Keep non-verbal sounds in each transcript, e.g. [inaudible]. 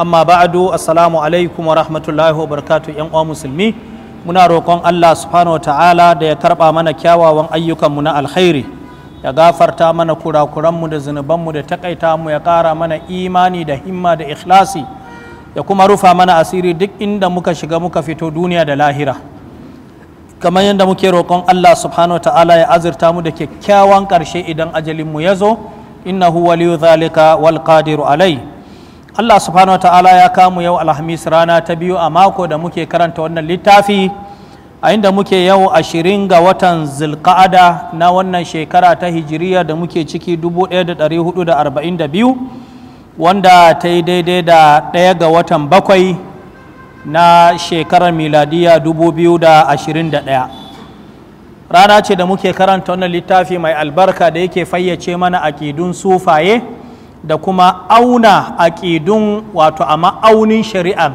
amma ba'adu assalamu alaikum wa rahmatullahi wa barakatuh yan uwa musulmi muna roƙon Allah subhanahu ta'ala da ya karba mana kyawawan ayyukanmu na alkhairi ya gafarta mana kurakuranmu da zunubanmu da takaita mu ya ƙara mana imani da himma da ikhlasi ya kuma rufa mana asiri duk inda muka shiga muka fito duniya da lahira kamar yadda muke roƙon Allah subhanahu ta'ala ya azurta mu da kyakkyawan ƙarshe idan ajalinmu ya zo innahu waliyu zalika wal qadiru alai Allah subhanahu ta'ala ya kamu yau alhamis rana ta biyu a mako da muke karanta wannan littafi a inda muke yau ashirin ga watan zilka'ada na wannan shekara ta hijiriya da muke ciki 1442 wanda ta yi daidai da ɗaya ga watan bakwai na shekarar miladiya 2021 rana ce da muke karanta wannan littafi mai albarka da yake fayyace mana aƙidun sufaye da kuma auna aƙidun wato a ma'aunin shari'a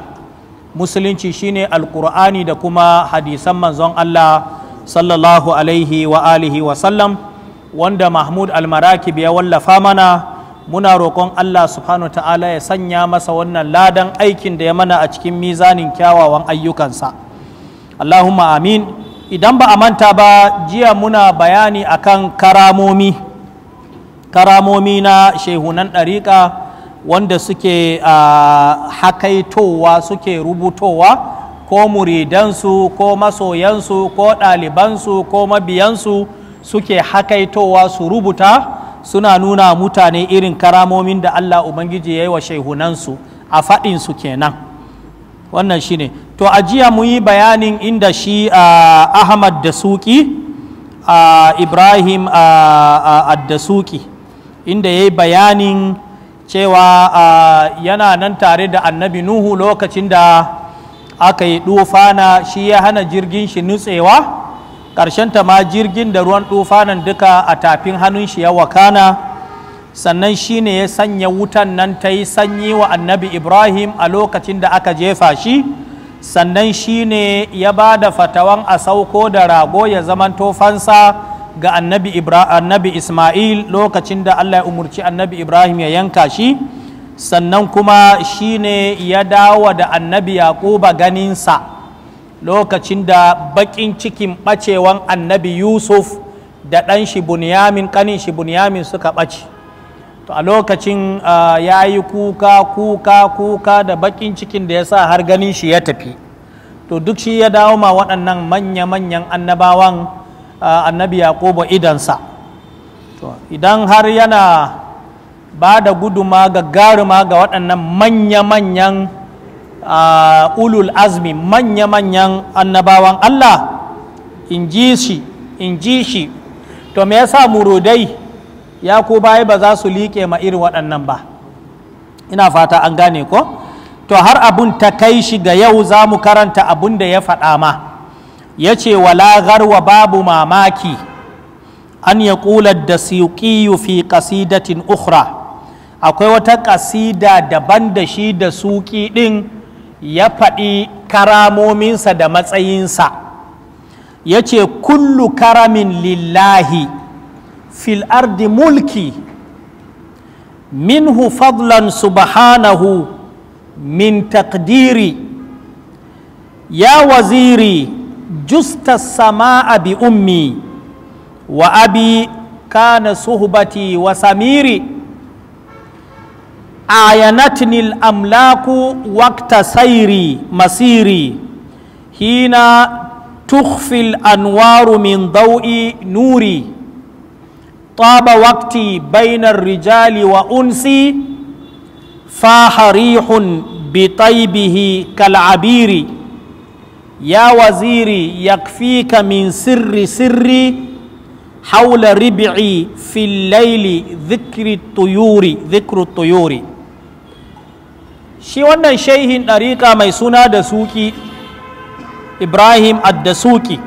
musulunci shine alƙur'ani da kuma hadisan manzon Allah sallallahu alaihi wa alihi wa sallam wanda mahmud almarakib ya wallafa mana muna roƙon Allah subhanahu ta'ala ya sanya masa wannan ladan aikin da ya mana a cikin mizanin kyawawan ayyukansa Allahumma amin idan ba a manta ba jiya muna bayani akan karamomi karamomi na shehunan ɗariƙa wanda suke hakaitowa suke rubutowa ko muridansu ko masoyansu ko ɗalibansu ko mabiyansu suke hakaitowa su rubuta suna nuna mutane irin karamomin da Allah Ubangiji ya yi wa shehunansu a faɗinsu kenan wannan shi ne to a jiya mu yi bayanin inda shi Ahmad da suki Ibrahim da suki inda ya yi bayanin cewa yana nan tare da annabi nuhu lokacin da aka yi dufana shi ya hana jirgin shi nutsewa ƙarshen ta ma jirgin da ruwan dufanan duka a tafin hannun shi ya wakana sannan shi ne ya sanya wutan nan ta yi sanyi wa annabi ibrahim a lokacin da aka jefa shi sannan shi ne ya ba da fatawan a sauko da rago ya zamanto fansa ga annabi annabi Ismail lokacin da Allah ya umarci annabi Ibrahim ya yanka shi sannan kuma shine ya dawo da annabi Yaquba ganinsa lokacin da bakin cikin bacewan annabi Yusuf da ɗan shi Bunyamin ƙanin shi Bunyamin suka ɓace to a lokacin ya yi kuka kuka kuka da bakin cikin da ya sa har ganin shi ya tafi to duk shi ya dawo ma waɗannan manya-manyan annabawan annabi yaqubu idansa idan har yana ba da guduma ga gagaruma ga waɗannan manya-manyan ulul azmi manya-manyan annabawan Allah in ji shi in ji shi to me yasa murudai ya ko baya ba za su liƙe ma irin waɗannan ba ina fata an gane ko to har abun ta kai shi ga yau za mu karanta abun da ya faɗa ma ya ce wala garwa babu mamaki an ya ƙular da siƙiyu fi ƙasidatin ukhra akwai wata ƙasida daban da shi da suƙi ɗin ya faɗi karamominsa da matsayinsa ya ce kullu karamin lillahi fil ardi mulki minhu fadlan subhanahu min takdiri ya waziri جست السماء بأمي وأبي كان صهبتي وسميري أعينتني الأملاك وقت سيري مسيري حين تخفي الأنوار من ضوء نوري طاب وقتي بين الرجال وأنسي فاح ريح بطيبه كالعبيري ya waziri yakfika min sirri sirri haula ribi'i fil laili dhikri tuyuri dhikru tuyuri shi wannan shehin ɗariƙa mai suna da suki ibrahim addasuki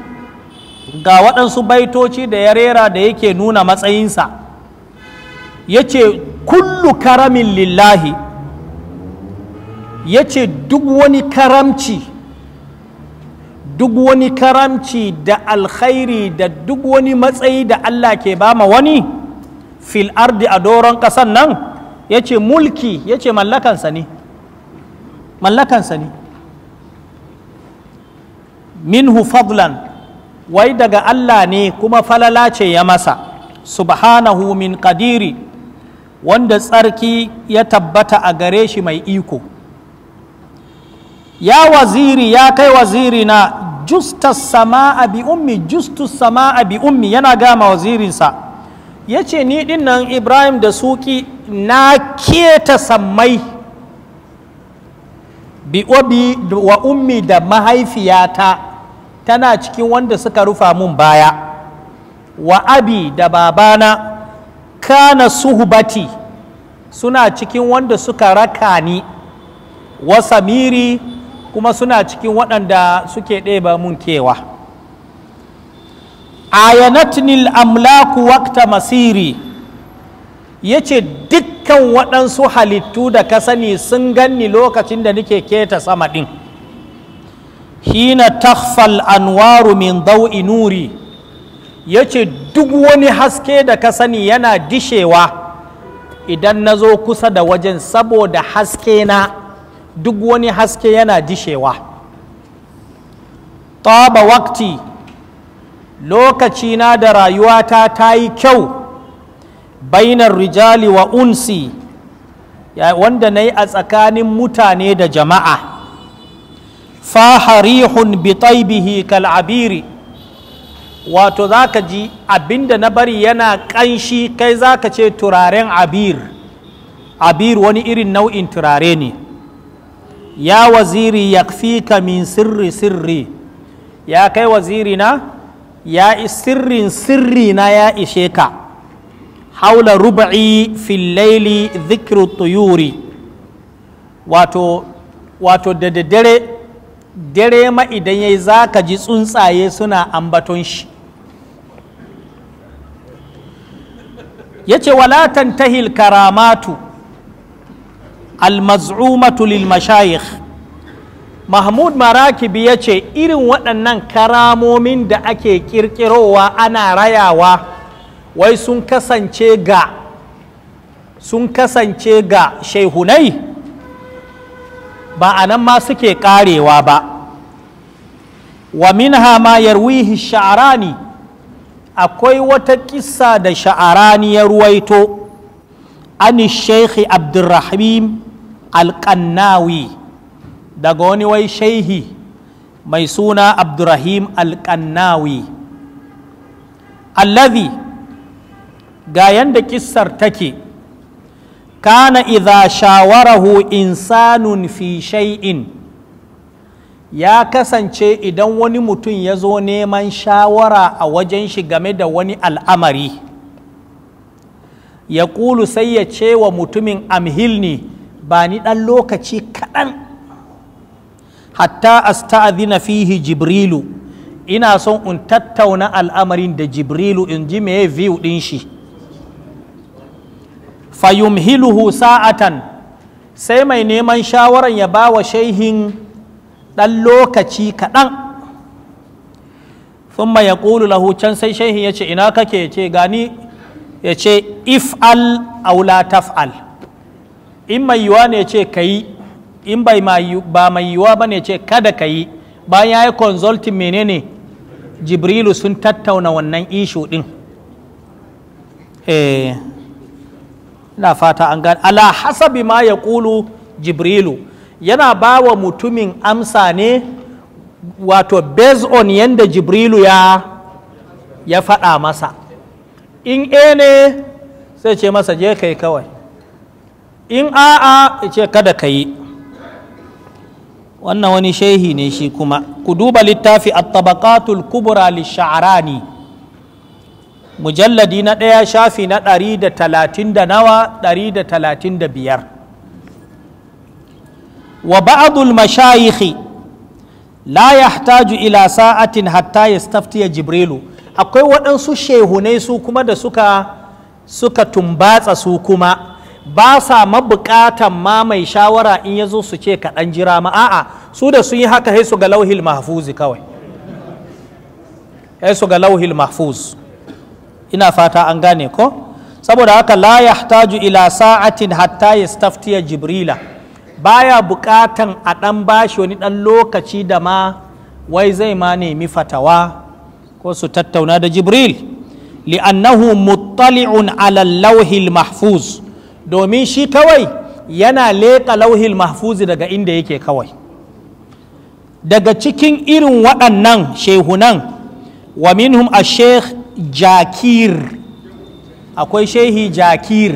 ga waɗansu baitoci da ya rera da yake nuna matsayinsa ya ce kullu karamin lillahi ya ce duk wani karamci duk wani karamci da alkhairi da duk wani matsayi da Allah ke bama wani fil ardi a doron ƙasan nan ya ce mulki ya ce mallakansa ne mallakansa ne minhu fadlan wai daga Allah ne kuma falala ce ya masa subhanahu min qadiri wanda tsarki ya tabbata a gare shi mai iko ya waziri ya kai waziri na sama a bi ummi justus a bi ummi yana gama wazirinsa ya ce ni din nan ibrahim da suki na keta sammai bi obi wa ummi da mahaifiyata tana cikin wanda suka rufa mun baya wa abi da babana kana suhubati suna cikin wanda suka raka ni wa samiri kuma suna cikin waɗanda suke ɗeba mun kewa ayanatnil amlaku wakta masiri ya ce dukkan waɗansu halittu da ka sani sun ganni lokacin da nake keta sama ɗin hina takfal anwaru min dau'i nuri ya ce duk wani haske da ka sani yana dishewa idan na zo kusa da wajen saboda haske na duk wani haske yana dishewa taba wakti na da rayuwata ta yi kyau bainar rijali wa unsi wanda na yi a tsakanin mutane da jama'a faharihun bitaibihi kal'abiri wato za ka ji abinda na bari yana ƙanshi kai za ka ce turaren abir abir wani irin nau'in turare ne ya waziri ka min sirri sirri ya kai waziri na ya sirrin sirri na ya ishe ka haula ruba'i fil laili tuyuri wato wato da daddare dare ma idan yayi zaka ji tsuntsaye suna ambaton shi yace walatan tahil karamatu almaz'umatu lil mashayikh mahmud marakibi ya ce irin waɗannan karamomin da ake ƙirƙirowa ana rayawa wai sun kasance ga sun kasance ga shehunai ba a nan ma suke ƙarewa ba wa minha ma yarwihi sha'arani akwai wata kissa da sha'arani ya ruwaito an shekhi abdurrahim alƙannawi daga wani wai shaihi mai suna abdurrahim alƙannawi allazi ga yanda kissar take kana iza shawarahu insanun fi shay'in ya kasance idan wani mutum ya zo neman shawara a wajen shi game da wani al'amari ya kulu sai ya ce wa mutumin amhilni ba ni ɗan lokaci kaɗan hatta asta'adhina fihi jibrilu ina son in tattauna al'amarin da jibrilu in ji me view ɗin shi fayumhiluhu sa'atan sai mai neman shawaran ya ba wa shaihin ɗan lokaci kaɗan thumma ya ƙulu lahu can sai shaihin ya ce ina kake ya ce gani ya ce if al aula taf'al in mai yiwa ne ce ka yi in ba mai yiwa ba ne ce kada ka yi bayan ya yi consulting menene jibrilu sun tattauna wannan ishu din eh, na fata an gani ala hasabi ma ya kulu jibrilu yana ba wa mutumin amsa ne wato based on yadda jibrilu ya ya faɗa masa in e ne sai ce masa je kai kawai in a'a ya ce kada ka yi wannan wani shehi ne shi kuma ku duba littafi a tabakatul kubra Lisharani. mujalladi na ɗaya shafi na ɗari da talatin da nawa ɗari da talatin da biyar wa ba'adul mashayikhi la yahtaju ila sa'atin hatta yastaftiya jibrilu akwai waɗansu shehunai su kuma da suka suka tumbatsa su kuma ba sa mabukatan ma mai shawara in ya zo su ce kaɗan jira ma a'a su da sun yi haka sai su ga lauhil mahfuzi kawai sai ga lauhil mahfuz ina fata an gane ko saboda haka la yahtaju ila sa'atin hatta yastaftiya jibrila baya bukatan a ɗan bashi wani ɗan lokaci da ma wai zai ma nemi fatawa ko su tattauna da jibril li'annahu muttali'un ala lauhil mahfuz domin shi kawai yana leƙa lauhil mahfuzi daga inda yake kawai daga cikin irin waɗannan shehunan wa minhum a sheikh jakir akwai shehi jakir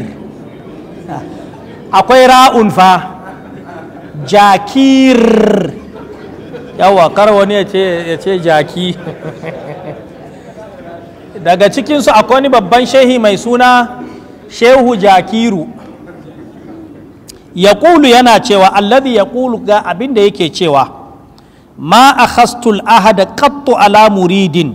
akwai ra'un fa jakir yawa kar wani ya ce jaki daga cikinsu akwai wani babban shehi mai suna shehu jakiru ya ƙulu yana cewa allazi ya ƙulu ga abin da yake cewa ma a khastul ahada qattu ala muridin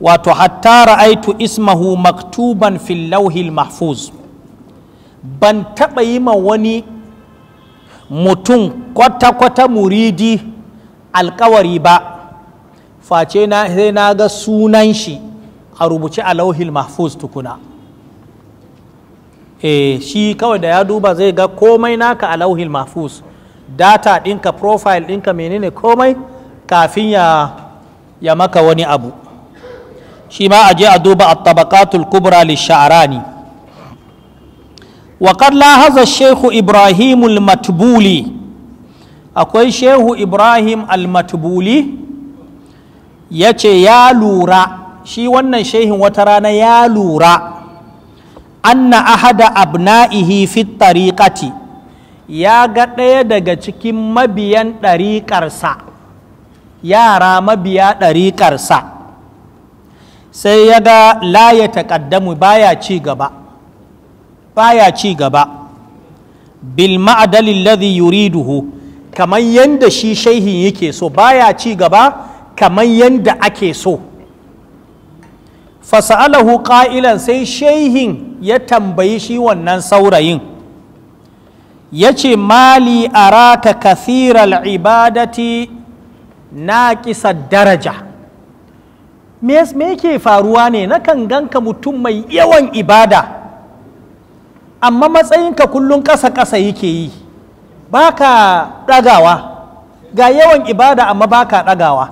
wato hatta ra'aitu ismahu maktuban fil lauhil mahfuz ban taɓa yi ma wani mutum kwata-kwata muridi alkawari ba face na sai na ga sunan shi a rubuce a lauhil mahfuz tukuna eh shi kawai da ya duba zai ga komai naka a lauhil mafus data ɗinka profile ɗinka menene komai kafin ya ya maka wani abu shi ma a je a duba a tabakatul kubra lisharani wa qad lahaza shehu ibrahim al-matbuli akwai shehu ibrahim al-matbuli ya ce ya lura shi wannan shehin wata rana ya lura anna ahada abna'ihi fi tariqati ya ga ɗaya daga cikin mabiyan ɗariƙarsa yara mabiya ɗariƙarsa sai ya ga laye taƙaddamu baya ci gaba baya ci gaba bil ma'adalin ladhi yuriduhu kamar yadda shi shaihin yake so baya ci gaba kamar yanda ake so fasa'alahu ƙa'ilan sai shehin ya tambayi shi wannan saurayin ya ce mali araka kathiral ibadati na kisa daraja me yake faruwa ne na kan ganka mutum mai yawan ibada amma matsayinka kullum ƙasa-ƙasa yake yi ba ka ɗagawa ga yawan ibada amma ba ka ɗagawa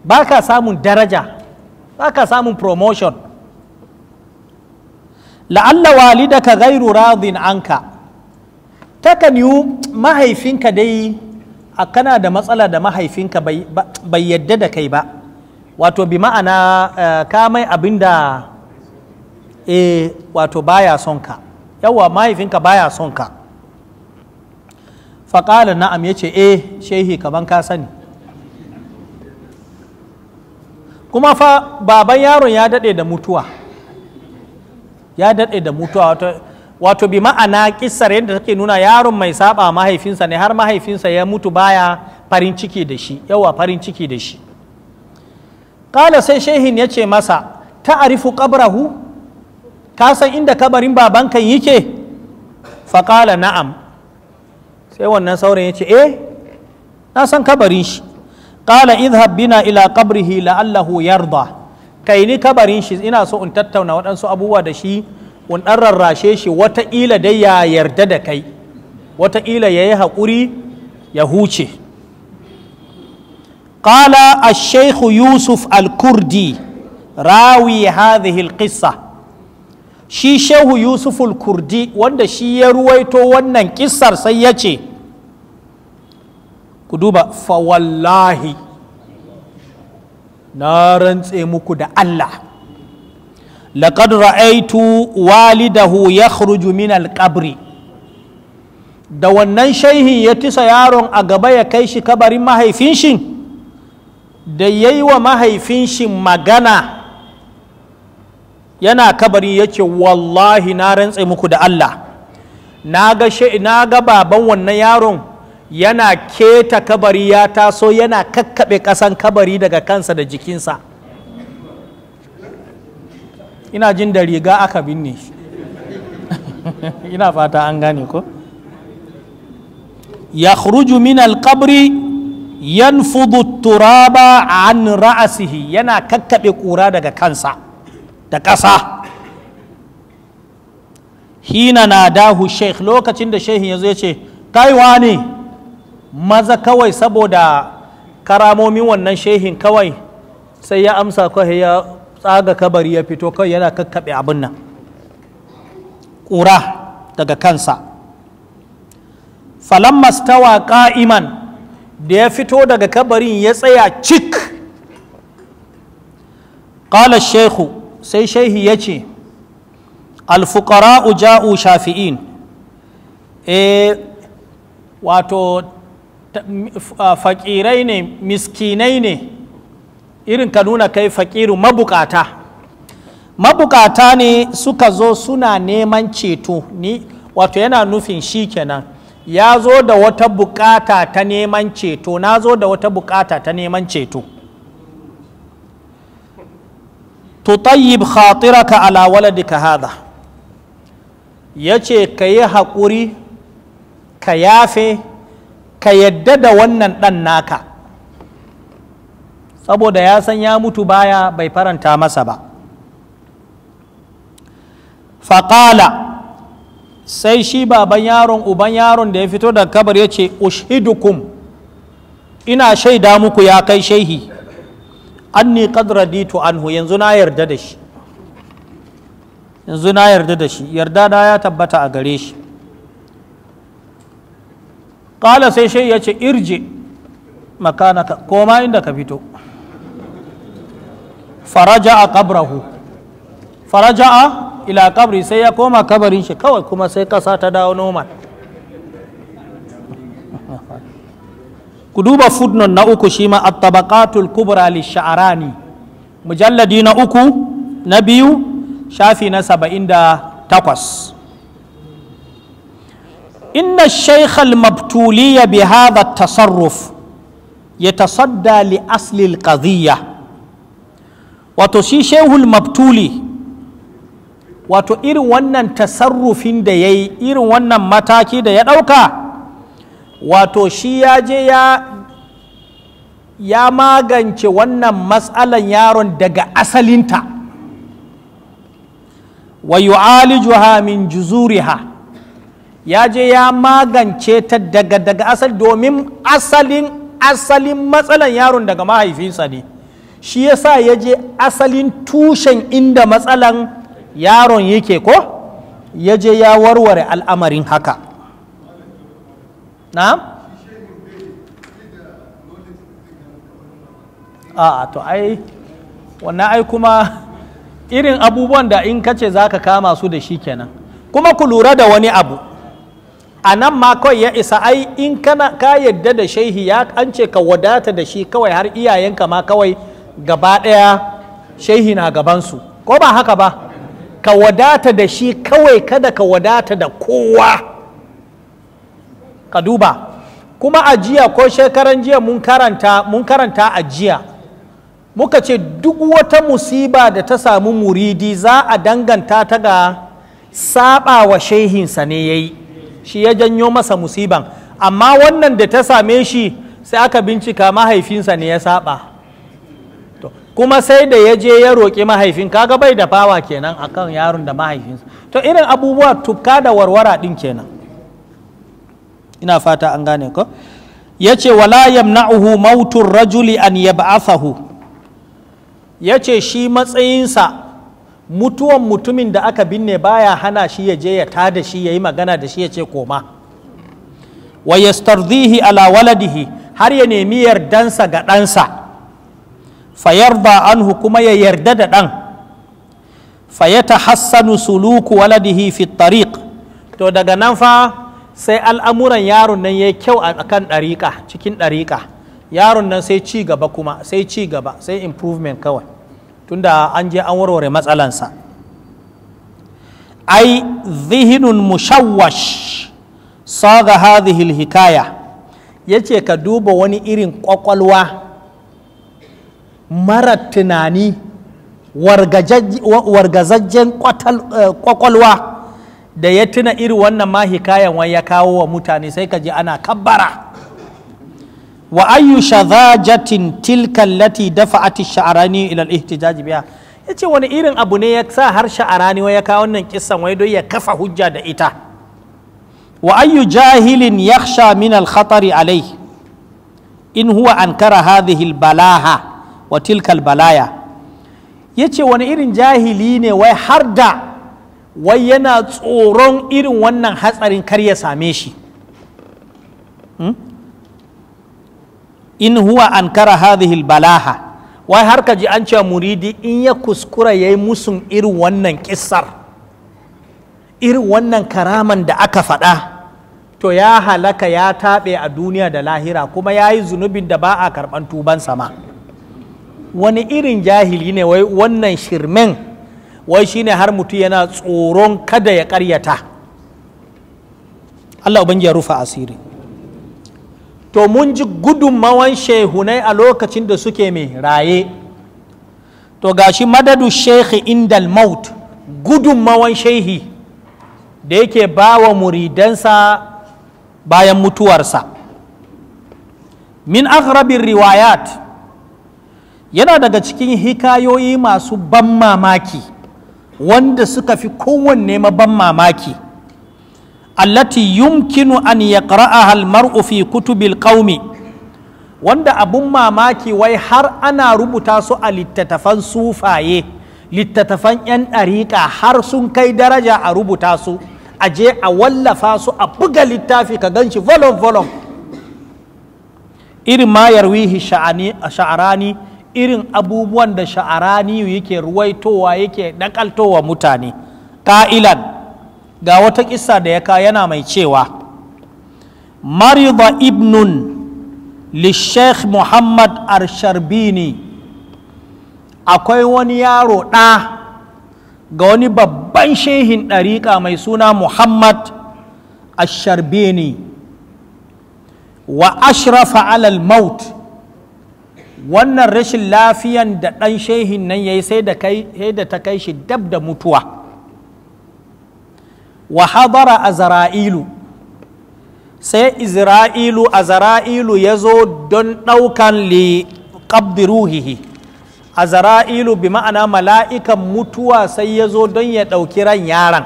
ba ka samun daraja ba ka samun promotion la'alla walidaka gairu radin anka takan yi mahaifinka dai a kana da matsala da mahaifinka bai yadda da kai ba wato bi ma'ana eh, ka mai abin da e wato baya son ka yawa mahaifinka baya son ka faƙala na'am ya ce eh shehi kaman ka sani kuma fa baban yaron ya daɗe da mutuwa ya daɗe da mutuwa wato, wato bi ma'ana kissar yadda take nuna yaron mai saba mahaifinsa ne har mahaifinsa ya mutu baya farin ciki da shi yawa farin ciki da shi kala sai shehin ya ce masa ta arifu ka san inda kabarin babanka yake kala na'am sai wannan sauran ya ce eh na san kabarin shi qala idhhab bina ila qabrihi la'allahu yarda kai ni kabarin shi ina so in tattauna waɗansu abubuwa da shi in ɗan rarrashe shi wataƙila dai ya yarda da kai wataƙila ya yi haƙuri ya huce kala a yusuf alkurdi rawi hadhihi al shi shehu yusuf al wanda shi ya ruwaito wannan ƙissar sai yace. ku duba fawallahi na rantse muku da Allah laqad ra'aitu walidahu yakhruju min al da wannan shaihi ya tisa yaron a gaba ya kai shi kabarin mahaifin shi da ya yi wa mahaifin shi magana yana kabari yake wallahi na rantse muku da Allah na ga baban wannan yaron yana keta kabari ya taso yana kakkaɓe ƙasan kabari daga kansa da jikinsa ina jin da riga aka binne [laughs] ina fata an gane ko ya min alkabri yanfudu turaba an ra'asihi yana kakkaɓe ƙura daga kansa da ƙasa hina na dahu sheikh lokacin da sheikh ya zo ya ce kaiwa ne maza kawai saboda karamomin wannan shehin kawai sai ya amsa kawai ya tsaga kabari ya fito kawai yana kakkaɓe abin nan ƙura daga kansa falon mastawa ƙa'iman da ya fito daga kabarin ya tsaya cik ƙalar shehu sai shehi ya ce alfukara ja'u shafi'in e wato faƙirai ne miskinai ne irin ka nuna kai faƙiru mabukata mabukata ne suka zo suna neman ceto ni wato yana nufin shi kenan ya zo da wata bukata ta neman ceto na zo da wata bukata ta neman ceto tutayyib khatiraka ala waladika hada ya ce ka yi haƙuri ka yafe ka yadda da wannan ɗan naka saboda ya san ya mutu baya bai faranta masa ba faƙala sai shi baban yaron uban yaron da ya fito da kabar ya ce ushidukum ina shaida muku ya kai shehi anni qad anhu yanzu na yarda da shi yanzu na yarda da shi yarda da ya tabbata a gare shi ƙala sai shai ya ce irje makanaka koma inda ka fito faraja a kabrahu faraja a ila kabri sai ya koma kabarin shi kawai kuma sai ƙasa ta dawo normal ku duba footnote na uku shi ma at-tabaqatul kubra li mujalladi na uku na biyu shafi na saba'in da takwas inna shaykhal ya bi hadha tasarruf yatasadda li asli alqadhiya wato shi shehul maftuli wato irin wannan tasarrufin da ya yi irin wannan mataki da ya ɗauka wato shi ya je ya magance wannan matsalan yaron daga asalinta wa yu'alijuha min juzuriha ya je ya magance ta daga daga asali domin asalin asalin matsalan yaron daga mahaifinsa ne shi yasa ya je asalin tushen inda matsalan yaron yake ko ya je ya warware al'amarin haka na? a to ai wannan ai kuma irin abubuwan da in kace za ka kama su da shi kenan kuma ku lura da wani abu a nan ma kawai ya isa ai in kana ka yadda da shehi ya an ce ka wadata da shi kawai har iyayenka ma kawai gaba ɗaya shehi na gabansu ko ba haka ba ka wadata da shi kawai kada ka wadata da kowa ka duba kuma a jiya ko shekaran jiya mun karanta mun karanta ajiya muka ce duk wata musiba da ta samu muridi za a danganta ta ga saba wa shehinsa ne ya yi shi ya janyo masa musiban amma wannan da ta same shi sai aka bincika mahaifinsa ne ya saba kuma sai da ya je ya roƙi mahaifin kaga bai da fawa kenan akan yaron da mahaifinsa to irin abubuwa tukka da warwara ɗin kenan ina fata an gane ko ya ce wala yamna'uhu mautun rajuli an yab'athahu ya ce shi matsayinsa mutuwan mutumin da aka binne baya hana shi ya je ya ta da shi ya yi magana da shi ya ce koma wa yastardihi ala waladihi har ya nemi yardansa ga ɗansa ba an kuma ya yarda da ɗan ta hassanu suluku waladihi fi to daga nan fa sai al'amuran yaron nan ya kyau a kan ɗariƙa cikin ɗariƙa yaron nan sai ci gaba kuma sai ci gaba sai improvement kawai tunda an je an warware matsalansa ai zihinun mushawwash saga hadhihi hikaya yace ka duba wani irin kwakwalwa mara tunani wargazajjen eh, kwakwalwa da ya tuna irin wannan ma hikayan wani ya kawo wa mutane sai ka je ana kabbara wa ayu shadhajatin tilka lati dafa'at ash-sha'rani ila al-ihtijaj biha yace wani irin abu ne ya sa har sha'arani wai ya kawo wannan kissan wai don ya kafa hujja da ita wa ayu jahilin yakhsha min al-khatari alayhi in huwa ankara hadhihi al-balaha wa tilka al-balaya yace wani irin jahili ne wai har da wai yana tsoron irin wannan hatsarin kar ya same shi hmm? in huwa an kara hadhihi balaha wai har ka ji an cewa muridi in ya kuskura ya yi musun irin wannan kissar irin wannan karaman da aka faɗa to ya halaka ya taɓe a duniya da lahira kuma ya yi zunubin da ba a karɓan tuban sama wani irin jahili ne wai wannan shirmen wai shine har mutum yana tsoron kada ya ƙaryata Allah ubangiji ya rufa asiri to mun ji gudunmawan shehunai a lokacin da suke mai raye to gashi madadu shehi indal maut gudunmawan shehi da yake ba wa muridansa bayan mutuwarsa min akrabin riwayat yana daga cikin hikayoyi masu ban mamaki wanda suka fi kowanne ma ban mamaki allati yumkinu an yaqra'aha a halmar ufi kutubil kaumi wanda abun mamaki wai har ana rubuta su a littattafan sufaye littattafan 'yan ɗariƙa har sun kai daraja a rubuta su a je a wallafa su a buga littafi ka gan shi volon volon irin ma yarwihi sha'arani irin abubuwan da sha'arani yake ruwaitowa yake nakaltowa mutane ƙa'ilan ga wata kissa da ya kawo yana mai cewa marida ibnun sheikh muhammad arsharbini akwai wani yaro ɗa ga wani babban shehin ɗariƙa mai suna muhammad arsharbini wa ashrafa alal maut wannan rashin lafiyan da ɗan shehin nan ya yi sai da ta kai shi dab da mutuwa wa hadara azra'ilu sai izra'ilu azra'ilu ya zo don ɗaukan li ruhihi azra'ilu bi ma'ana mala'ikan mutuwa sai ya zo don ya ɗauki ran yaran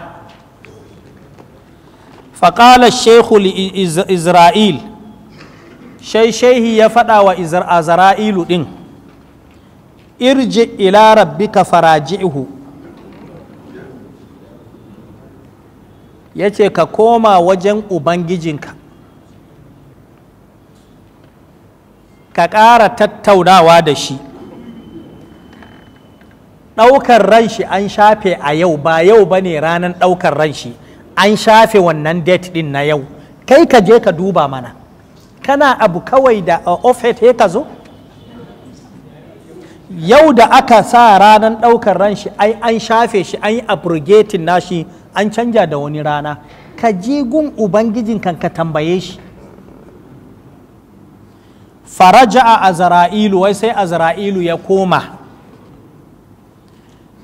faƙala shehu li izra'il shai shehi ya faɗa wa azra'ilu ɗin irji ila rabbika faraji'uhu ya ce ka koma wajen ubangijinka ka ƙara tattaunawa da shi ɗaukar ran shi an shafe a yau ba yau ba ne ranar ɗaukar ran shi an shafe wannan det ɗin na yau kai ka je ka duba mana kana abu kawai da ofet he ka zo yau da aka sa ranar ɗaukar ran shi an shafe shi an yi abrogating nashi an canja da wani rana ka je gun ubangijin kan ka tambaye shi faraja a azra'ilu wai sai azra'ilu ya koma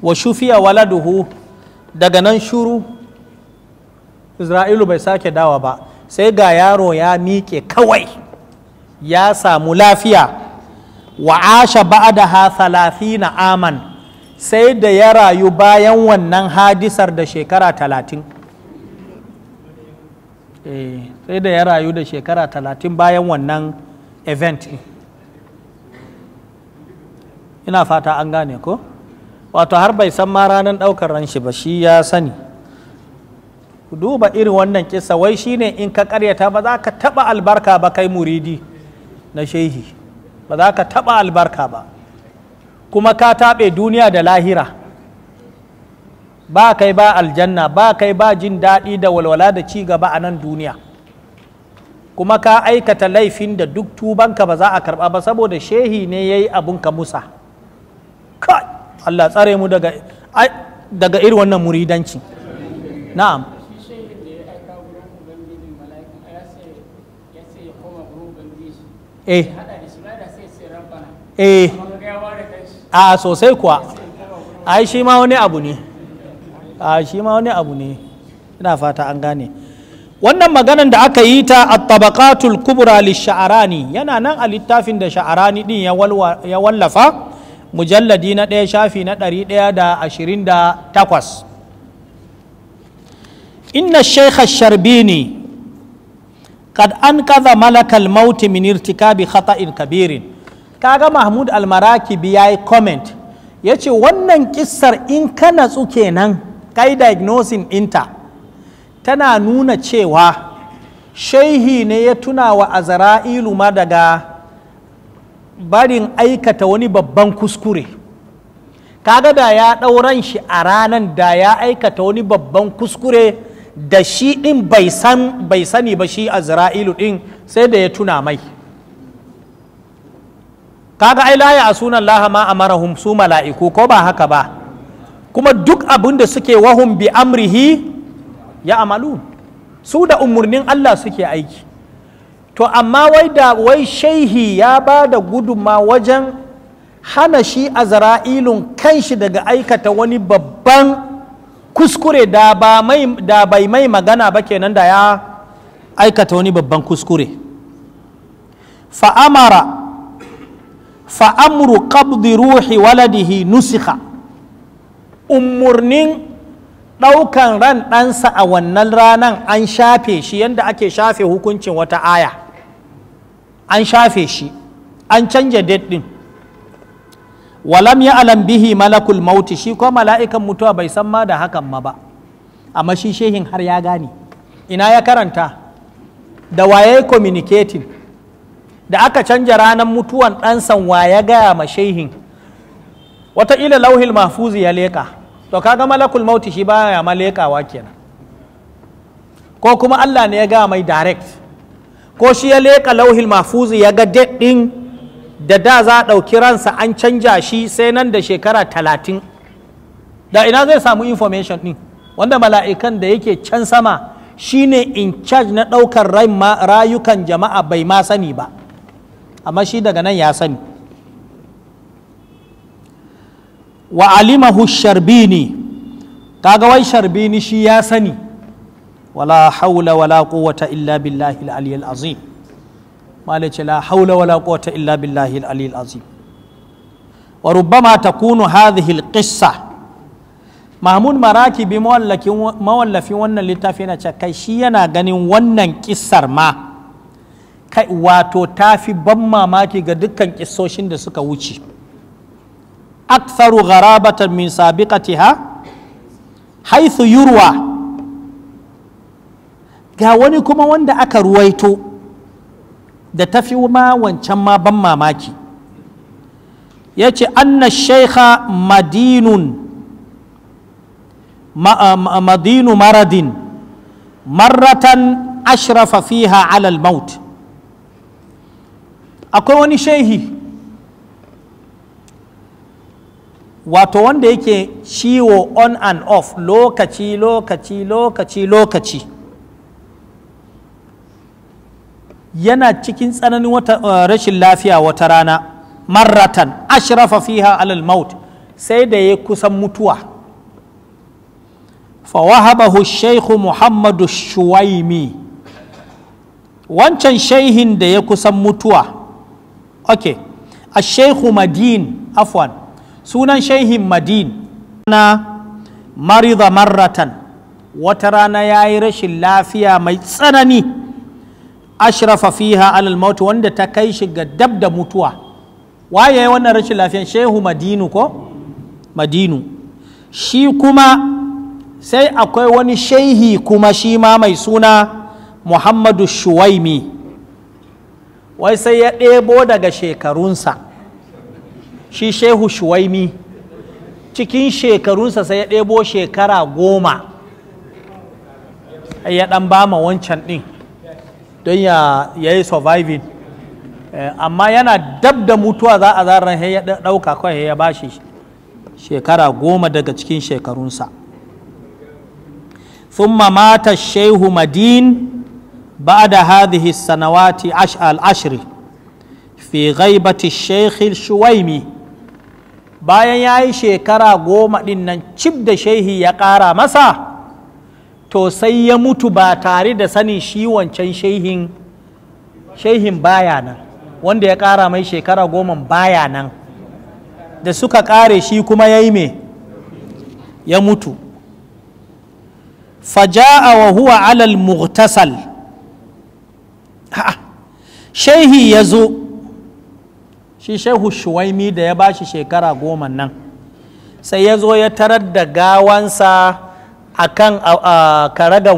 wa shufiya waladuhu daga nan shuru isra'ilu bai sake dawa ba sai ga yaro ya miƙe kawai ya samu lafiya wa asha ba'daha 30 aman sai da ya rayu bayan wannan hadisar da shekara talatin eh, sai da ya rayu da shekara talatin bayan wannan event ina fata an gane ko wato har bai san ma ranar ɗaukar ranshi ba shi ya sani duba irin wannan kisa wai shine in ka karyata ba za ka taɓa albarka ba kai muridi na shehi ba za ka taɓa albarka ba kuma ka taɓe duniya da lahira ba kai ba aljanna ba kai ba jin daɗi da walwala da ci gaba a nan duniya kuma ka aikata laifin da duk tubanka ba za a karɓa ba saboda shehi ne ya yi ka musa kai allah tsare mu daga daga irin wannan muridanci na'am eh eh a sosai kuwa ai shi ma wani abu ne a shi ma wani abu ne ina fata an gane wannan maganan da aka yi ta a tabaqatul kubra Sha'arani yana nan a littafin da sha'arani din ya wallafa mujalladi na ɗaya shafi na ɗari ɗaya da ashirin da takwas inna shaikha sharbini kad an kaza malakal mauti min irtikabi khata'in kabirin kaga mahmud almarakibi ya yi comment ya ce wannan kissar in ka natsu kenan kai diagnosing inta tana nuna cewa shaihi ne ya tuna wa azra'ilu ma daga barin aikata wani babban kuskure kaga da ya ɗauran shi a ranan da ya aikata wani babban kuskure da shi ɗin bai sani ba shi azra'ilu ɗin sai da ya tuna mai kaga ai laya a sunan laha ma amarahum su mala'iku ko ba haka ba kuma duk abin da suke wahum bi amrihi ya amalu su da umarnin Allah suke aiki to amma wai da wai shaihi ya ba da guduma wajen hana shi azra'ilun kanshi daga aikata wani babban kuskure da bai mai magana ba kenan da ya aikata wani babban kuskure fa'amara fa amru qabdi ruhi waladihi nusikha umurnin ɗaukan ran ɗansa a wannan ranan an shafe shi yadda ake shafe hukuncin wata aya an shafe shi an canja date ɗin walam ya alam bihi malakul mauti shi ko mala'ikan mutuwa bai san ma da hakan ma ba amma shi shehin har ya gane ina ya karanta da waye communicating da aka canja ranar mutuwan ɗansan wa ya gaya ma shehin wataƙila lauhil mahfuzi ya leƙa to kaga malakul mauti shi baya ma kenan ko kuma allah ne ya gaya mai direct ko shi ya leƙa lauhil mahfuzi ya ga daɗin da da za a ɗauki ransa an canja shi sai nan da shekara talatin da ina zai samu information ɗin wanda mala'ikan da yake can sama shine in charge na ɗaukar rayukan jama'a bai ma sani ba amma shi daga nan ya sani wa alimahu sharbini kaga wai sharbini shi ya sani wala haula wala quwwata illa billahi al-aliyyil azim malice la haula wala quwwata illa billahi al azim wa rubbama takunu hadhihi al-qissa mahmud maraki bi mawallafin wannan littafi na ce kai shi yana ganin wannan kissar ma wato ta fi ban mamaki ga dukkan kisoshin da suka wuce aksaru gharabatan min ha haithu yurwa ga wani kuma wanda aka ruwaito da tafi ma wancan ma ban mamaki ya ce anna sheikha madinun madinu maradin marratan ashrafa fiha alal maut akwai wani shehi wato wanda yake ciwo on and off lokaci lokaci lokaci lokaci yana cikin tsananin eh, rashin lafiya wata rana marratan ashrafa fiha alal maut sai da ya kusan mutuwa fawahabahu shaihu muhammadu shuwaimi wancan shaihin da ya kusan mutuwa ok shehu madin afwan sunan shehin madin na marida marratan wata rana ya yi rashin lafiya mai tsanani ashrafa fiha alal mautu wanda ta kai shi ga dab da mutuwa waye ya wannan rashin lafiyan shehu madinu ko madinu shi kuma sai akwai wani shehi kuma shi ma mai suna muhammadu shuwaimi wai sai ya ɗebo daga shekarunsa shi shehu shuwaimi cikin shekarunsa sai ya ɗebo shekara goma ya ɗan ba ma wancan ɗin don ya yi surviving eh, amma yana dab da mutuwa za a zarar ya ɗauka kawai ya ba shi shekara goma daga cikin shekarunsa sun mamata shehu madin بعد هذه السنوات العشر في غيبة الشيخ الشويمي bayan ya yi shekara goma ɗin nan cib da shehi ya ƙara masa to sai ya mutu ba tare da sani shi wancan shehin shehin baya nan wanda ya ƙara mai shekara goma baya nan da suka ƙare shi kuma ya yi me ya mutu faja'a wa huwa alal mughtasal shehi ya zo shi shehu shuwaimi da ya ba shi shekara goma nan sai ya zo ya tarar da gawansa a kan karagan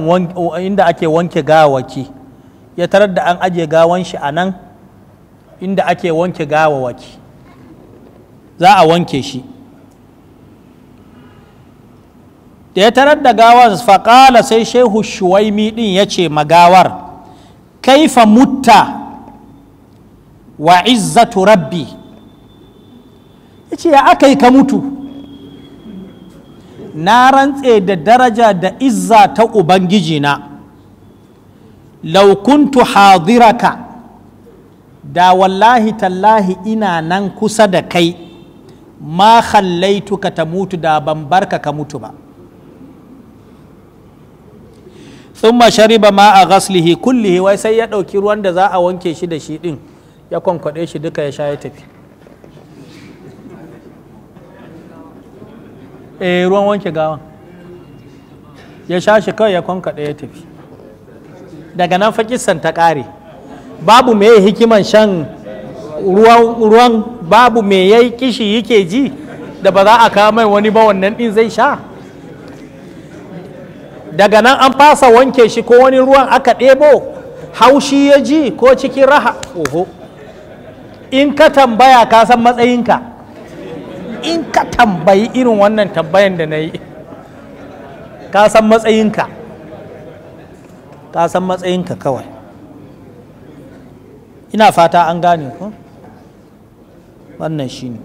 inda ake wanke gawaki ya tarar da an ajiye gawan shi a nan inda ake wanke gawawaki za a wanke shi da ya tarar da gawar faƙala sai shehu shuwaimi ɗin ya ce magawar kaifa mutta wa izzatu rabbi yace ya aka yi ka mutu na rantse da daraja da izza ta ubangiji na laukuntu hadiraka da wallahi tallahi ina nan kusa da kai ma ka ta mutu da ban barka ka mutu ba thumma shariba ma a ghaslihi kullihi wai sai ya ɗauki ruwan da za a wanke shi da shi ɗin ya kwankwade shi duka ya sha ya tafi eh ruwan wanke gawan ya sha shi kawai ya kwankwade ya tafi daga nan fakisan ta ƙare babu me hikiman shan ruwan babu me yayi kishi yake ji da ba za a kawo mai wani ba wannan ɗin zai sha daga nan an fasa wanke shi ko wani ruwan aka ɗebo haushi ya ji ko cikin raha oho in ka tambaya ka san matsayinka in ka tambayi irin wannan tambayan da na yi ka san matsayinka ka san matsayinka kawai ina fata an gane ku wannan shi ne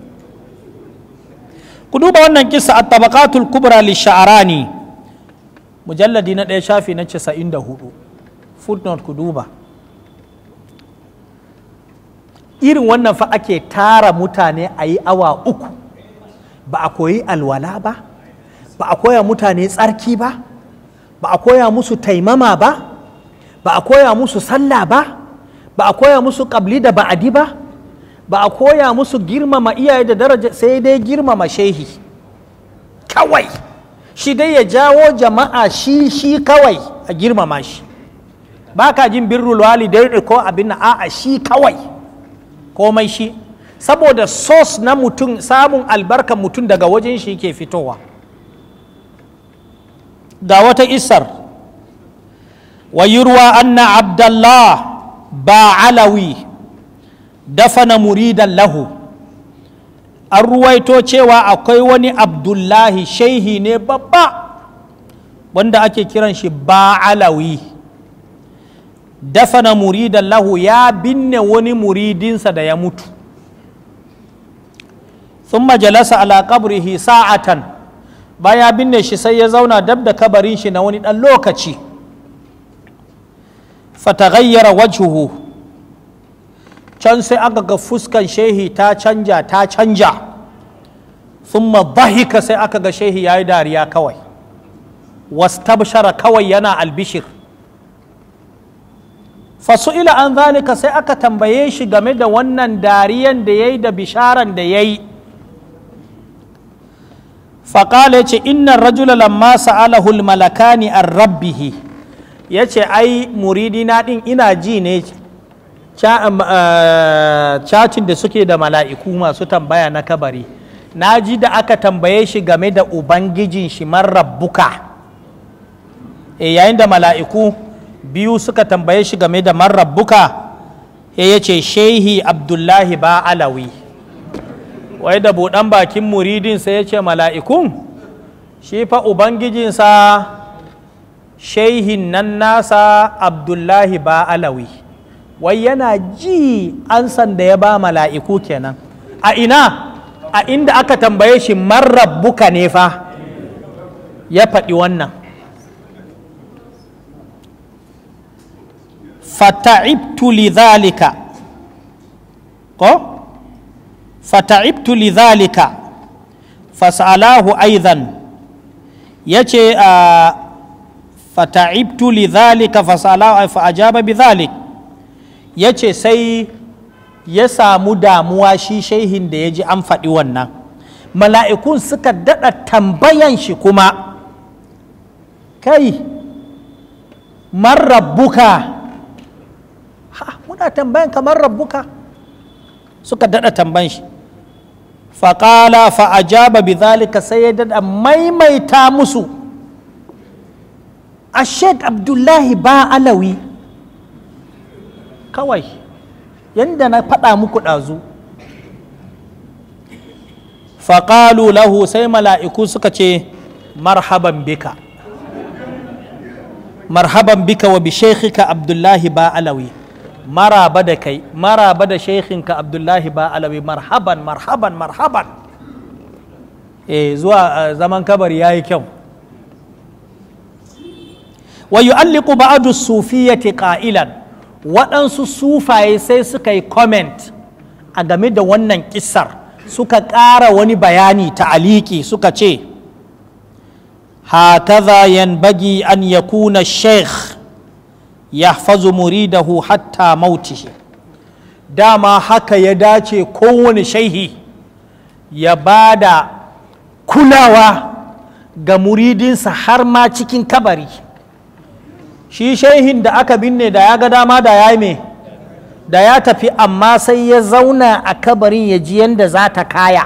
ku duba wannan kisa a tabakatul kubra li sha'arani mujalladi na ɗaya shafi na casa'in da hudu footnote ku duba irin wannan fa ake tara mutane a yi awa uku ba a koyi alwala ba ba a koya mutane tsarki ba ba a koya musu taimama ba ba a koya musu sallah ba ba a koya musu ƙabli da ba'adi ba ba a koya musu girmama iyaye da daraja sai dai girmama shehi kawai shi dai ya jawo jama'a shi shi kawai a girmama shi ba ka jin birrul walidai ko abin a'a shi kawai komai shi saboda sos na mutum samun albarkar mutum daga wajen shi ke fitowa ga wata isar wa yurwa anna abdallah ba alawi dafana muridan lahu an ruwaito cewa akwai wani abdullahi shehi ne babba wanda ake kiran shi ba'alawi dafana muridan lahu ya binne wani muridinsa da ya mutu sun majalasa ala kabrihi sa'atan baya binne shi sai ya zauna dab da kabarin shi na wani ɗan lokaci gayyara wajuhu can sai aka ga fuskan shehi ta canja ta canja thumma bahika sai aka ga shehi ya yi dariya kawai wastabshara kawai yana albishir ila an zalika sai aka tambaye shi game da wannan dariyan da ya yi da bisharan da ya yi faƙala ya ce innan rajula lamma sa'alahul malakani an rabbihi ya ce ai muridina ɗin ina ji ne cacin um, uh, da suke da mala'iku masu tambaya na kabari na ji da aka tambaye shi game da ubangijin shi marrabbuka e eh, yayin da mala'iku biyu suka tambaye shi game da marrabbuka e eh, ya ce shehi abdullahi ba alawi wai da buɗan bakin muridin sai ya ce mala'ikun shi fa ubangijinsa shehin nan nasa abdullahi ba alawi wai yana ji ansan da ya ba mala'iku kenan a ina a inda aka tambaye shi marrabbuka ne fa ya faɗi wannan fata'ibtu lidhalika ko fata'ibtu lidhalika fas'alahu aidan a ah, fata'ibtu lidhalika fas'alahu a ajaba bidhalik ya ce sai ya samu damuwa shi shehin da ya ji an faɗi wannan mala'ikun suka daɗa tambayan shi kuma kai man rabbuka ha muna tambayan kamar rabbuka suka daɗa tambayan shi faƙala fa'ajaba bi zalika sai ya daɗa maimaita musu a sheik abdullahi ba alawi kawai yadda na faɗa muku ɗazu faƙalu lahu sai mala'iku suka ce marhaban bika marhaban bika wa bi shekika abdullahi ba alawi maraba da kai maraba da shekhinka abdullahi ba alawi marhaban marhaban marhaban e zuwa eh, zaman kabari ya yi kyau wa yu'alliqu ba'du sufiyati ƙailan. waɗansu sufaye sai suka yi comment a game da wannan kisar suka ƙara wani bayani ta aliki suka ce hakaza bagi an yakuna sheikh ya fazu muridahu hatta mautihi dama haka ya dace kowane shaihi ya ba da kulawa ga muridinsa har ma cikin kabari shi shehin da aka binne da ya ga dama da ya me da ya tafi amma sai ya zauna a kabarin ya ji yadda za ta kaya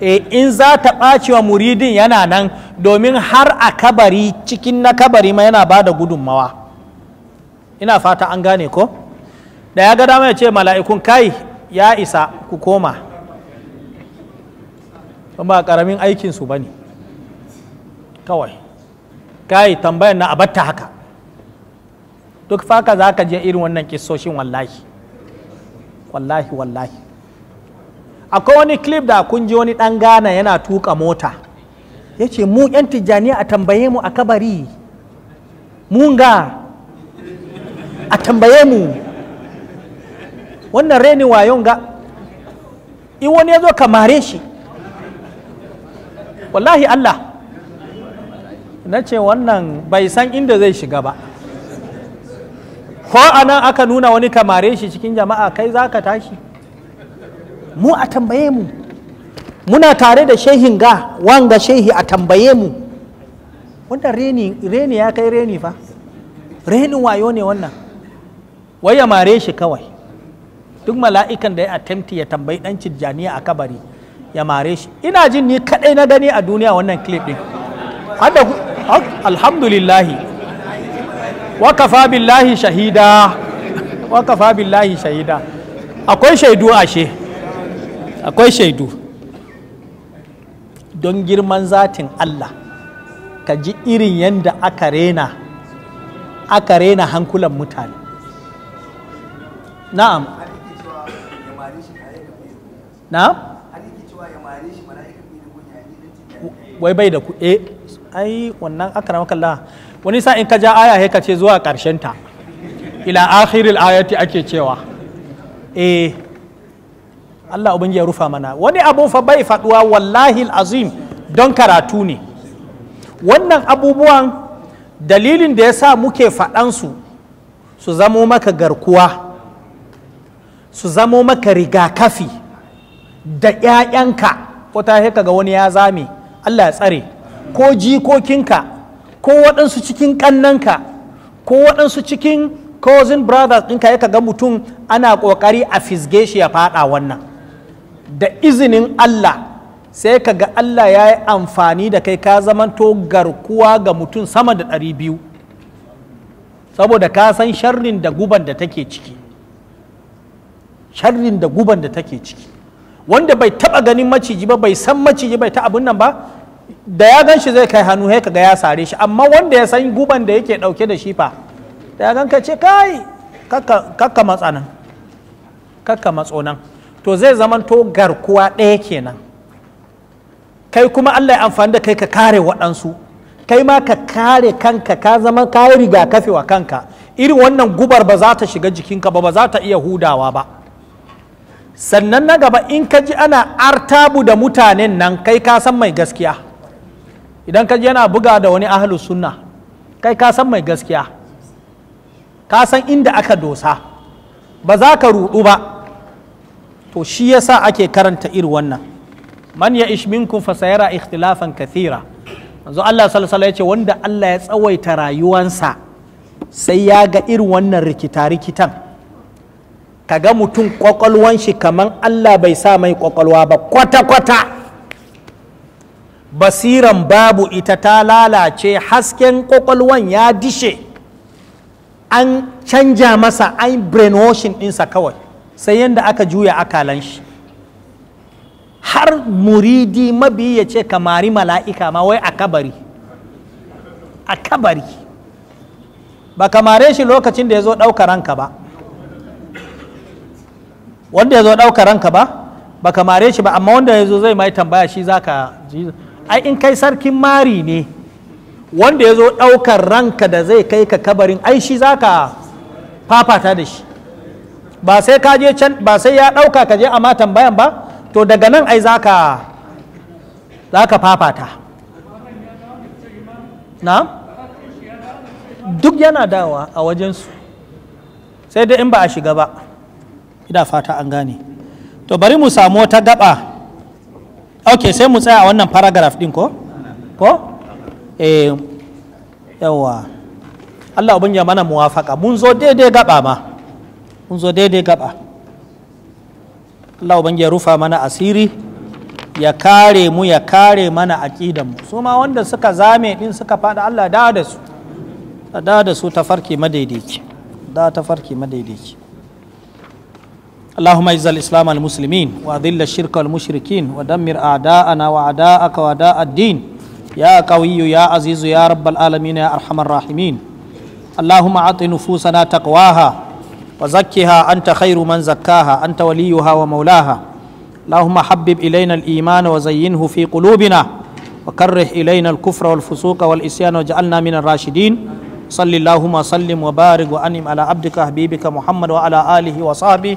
e, in za ta ɓaci wa muridin yana nan domin har a kabari cikin na kabari ma yana ba da gudunmawa ina fata an gane ko da ya ga dama ya ce mala'ikun kai ya isa ku koma ba ƙaramin aikinsu ba ne kawai kai tambayar na abatta haka duk faka za ka je irin wannan kisoshin wallahi wallahi wallahi akwai wani clip da kun ji wani dan gana yana tuka mota ya ce mu yan tijjani a tambaye mu a kabari munga a tambaye mu wannan reni wayon ga in wani ya zo ka mare shi wallahi allah na ce wannan bai san inda zai shiga ba ko anan aka nuna wani kamare shi cikin jama'a kai za ka tashi mu a tambaye mu muna tare da shehin ga wanga shehi a tambaye mu wannan reni ya kai reni fa Reni wayo ne wannan wai ya mare shi kawai duk mala'ikan da ya attempt ya tambayi dan cijjani a kabari ya mare shi ina jin ni kadai na gani a duniya wannan clip din alhamdulillahi wakafa billahi shahida wakafa billahi shahida akwai shaidu ashe akwai shaidu don girman zatin Allah ka ji irin yadda aka rena aka rena hankulan mutane na'am na'am wai bai da kuɗe ai wannan aka akramaka kalla wani sa in ka ja aya ka ce zuwa karshen ta ila akhiril ayati ake cewa eh Allah ubangi ya rufa mana wani abu fa bai faduwa wallahi azim don karatu ne wannan abubuwan dalilin da ya sa muke faɗansu su zamo maka garkuwa su zamo maka rigakafi da 'ya'yanka wata haka ga wani ya zame Allah ya tsare ko jikokinka ko waɗansu cikin ƙannanka ko waɗansu cikin cousin brothers ɗinka ya ga mutum ana ƙoƙari a fisge shi ya faɗa wannan da izinin Allah sai ka ga Allah ya yi amfani da kai ka zamanto garkuwa ga mutum sama da ɗari biyu saboda ka san sharrin da guban da take ciki sharrin da guban da take ciki wanda bai taɓa ganin maciji ba bai san maciji bai ta abin nan ba da ya gan shi zai kai hannu sai kaga ya sare shi amma wanda ya san guban da yake dauke da shi fa da ya gan ka ce kai kakka matsanan kakka matsonan to zai zamanto garkuwa ɗaya kenan kai kuma Allah ya amfani da kai ka kare waɗansu kai ma ka kare kanka ka zama ka riga rigakafi wa kanka irin wannan gubar ba za ta shiga jikinka ba ba za ta iya hudawa ba sannan na gaba in ka ji ana artabu da mutanen nan kai ka san mai gaskiya idan ka yana buga da wani ahlu sunna kai ka san mai gaskiya ka san inda aka dosa ba za ka ruɗu ba to shi yasa ake karanta iri wannan man ya ish minkum fa sayara ikhtilafan kathira manzo Allah sallallahu alaihi ce wanda Allah ya tsawaita rayuwansa sai ya ga irin wannan rikita rikitan ka ga mutum kwakwalwan shi kaman Allah bai sa mai kwakwalwa ba kwata kwata basiran babu ita ta lalace hasken kwakwalwan ya dishe an canja masa an brainwashing dinsa kawai sai yadda aka juya akalan shi har muridi mabi ya ce kamari mala'ika ma wai a kabari a kabari ba kamare shi lokacin da ya zo ɗaukar ranka ba wanda ya zo ɗaukar ranka ba ba kamare shi ba amma wanda ya zo zai mai tambaya shi za ka ai in kai sarkin mari ne wanda ya zo ɗaukar ranka da zai kai ka kabarin ai shi za ka fafata da shi ba sai ka je can ba sai ya ɗauka ka je a matan bayan ba to daga nan ai za ka za ka fafata na duk yana dawa a wajensu sai dai in ba a shiga ba ina fata an gane to bari mu samu wata gaba ok sai mu tsaya a wannan paragraph din ko ko eh yawa Allah abin ya mana muwafaka mun zo daidai gaba ma mun zo daidai gaba Allah abin ya rufa mana asiri ya kare mu ya kare mana aqidan mu su ma wanda suka zame din suka fada Allah da da su da da su tafarki madaidaici da tafarki madaidaici اللهم اعز الاسلام المسلمين واذل الشرك المشركين ودمر اعداءنا واعداءك واعداء الدين يا قوي يا عزيز يا رب العالمين يا ارحم الراحمين اللهم اعط نفوسنا تقواها وزكها انت خير من زكاها انت وليها ومولاها اللهم حبب الينا الايمان وزينه في قلوبنا وكره الينا الكفر والفسوق والاسيان واجعلنا من الراشدين صل اللهم وسلم وبارك وانم على عبدك حبيبك محمد وعلى اله وصحبه